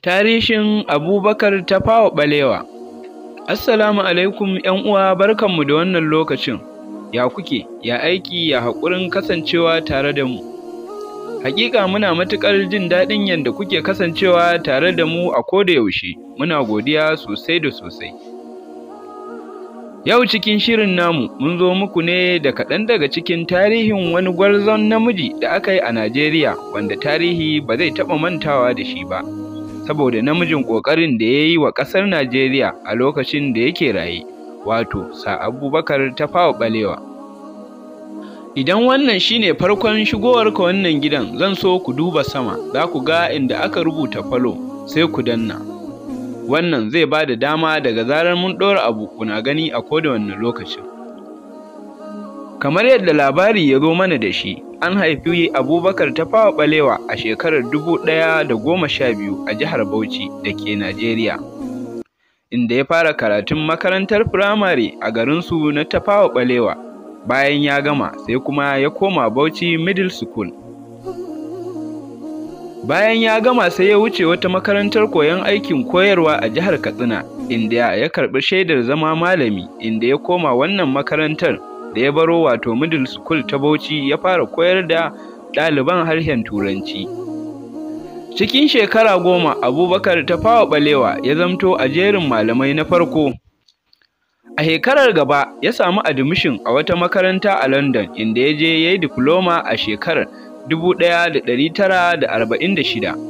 Tarihin Abubakar ta Tafawa Balewa Assalamu alaikum ‘yan uwa barkanmu da wannan lokacin, ya kuke, ya aiki, ya haƙurin kasancewa tare da mu. Hakika muna matuƙar jin daɗin yadda kuke kasancewa tare da mu a koda yaushe, muna godiya sosai da sosai. Yau cikin shirin namu mun zo muku ne da kaɗan daga cikin tarihin wani gwarzon namiji da aka yi a Najeriya wanda tarihi ba zai taɓa mantawa da shi ba. saboda namijin ƙoƙarin da ya yi wa ƙasar Najeriya a lokacin da yake raye, wato sa Abubakar ta fawa ɓalewa. Idan wannan shi ne farkon shigowarka wannan gidan zan so ku duba sama za ku ga inda aka rubuta falo sai ku danna. Wannan zai ba da dama daga zarar mun ɗora abu kuna gani a da wanne lokacin. Kamar yadda labari ya zo mana da shi, an haifi abubakar tafawa balewa a shekarar biyu a jihar bauchi da ke najeriya inda ya fara karatun makarantar firamare a garinsu na tafawa balewa bayan ya gama sai kuma ya koma bauchi middle school bayan ya gama sai ya wuce wata makarantar koyon aikin koyarwa a jihar katsina inda ya karɓi shaidar zama malami inda ya koma wannan makarantar da ya baro wato middle school ta Bauchi ya fara koyar da ɗaliban harshen Turanci. Cikin shekara goma Abubakar ta Tafawa Balewa ya zamto a jerin malamai na farko. A shekarar gaba ya samu admission a wata makaranta a London inda ya je ya yi diploma a shekarar 1946.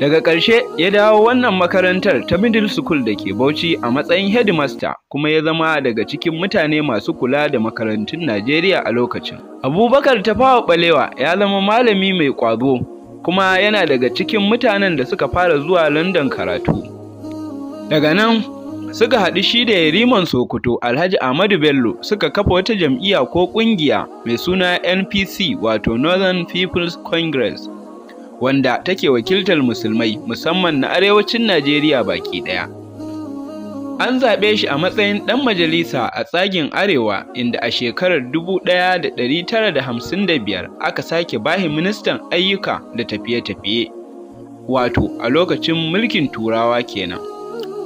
Daga ƙarshe ya dawo wannan makarantar ta Middle School da ke Bauchi a matsayin headmaster kuma ya zama daga cikin mutane masu kula da makarantun Najeriya a lokacin. Abubakar Tafawa Balewa ya zama malami mai ƙwazo kuma yana daga cikin mutanen da suka fara zuwa London karatu. Daga nan suka haɗu shi da Yariman Sokoto Alhaji Ahmadu Bello suka kafa wata jam'iyya ko ƙungiya mai suna NPC wato Northern People's Congress wanda take wakiltar musulmai musamman na arewacin Najeriya baki ɗaya. An zaɓe shi a matsayin ɗan majalisa a tsagin Arewa inda a shekarar 1955 aka sake bahi ministan ayyuka da tafiye-tafiye, wato a lokacin mulkin Turawa kenan.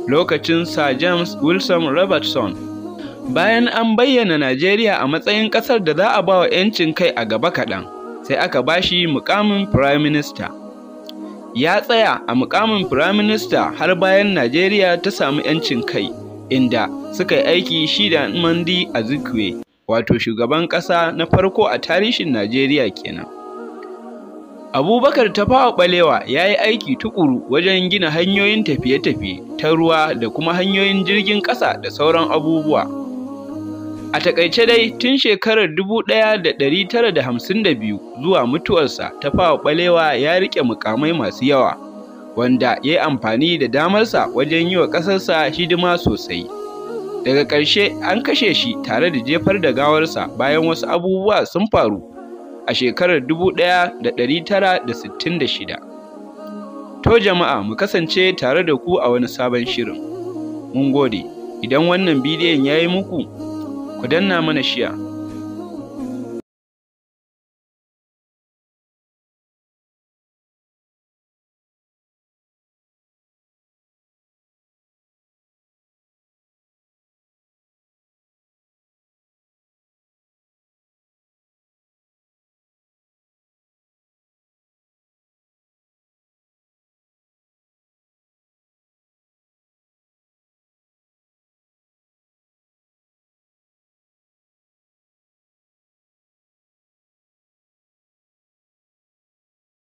Lokacin Sir James Wilson Robertson bayan an bayyana Najeriya a matsayin ƙasar da za a ba wa 'yancin kai a gaba kaɗan. sai aka ba shi mukamin Prime Minister. Ya tsaya a mukamin Prime Minister har bayan Najeriya ta samu 'yancin kai, inda suka yi aiki shi da Mandi Azikwe, wato shugaban ƙasa na farko a tarihin Najeriya kenan. Abubakar ta Tafawa ɓalewa ya yi aiki tukuru wajen gina hanyoyin tafiye-tafiye ta ruwa da kuma hanyoyin jirgin ƙasa da sauran abubuwa. A takaice dai tun shekarar 1952 zuwa mutuwarsa ta fawa ɓalewa ya riƙe mukamai masu yawa, wanda ya yi amfani da damarsa wajen yi wa ƙasarsa hidima sosai. Daga ƙarshe an kashe shi tare da jefar da gawarsa bayan wasu abubuwa sun faru a shekarar 1966. To jama'a mu kasance tare da ku a wani sabon shirin. Mun gode, idan wannan bidiyon ya yi muku ku danna mana shiya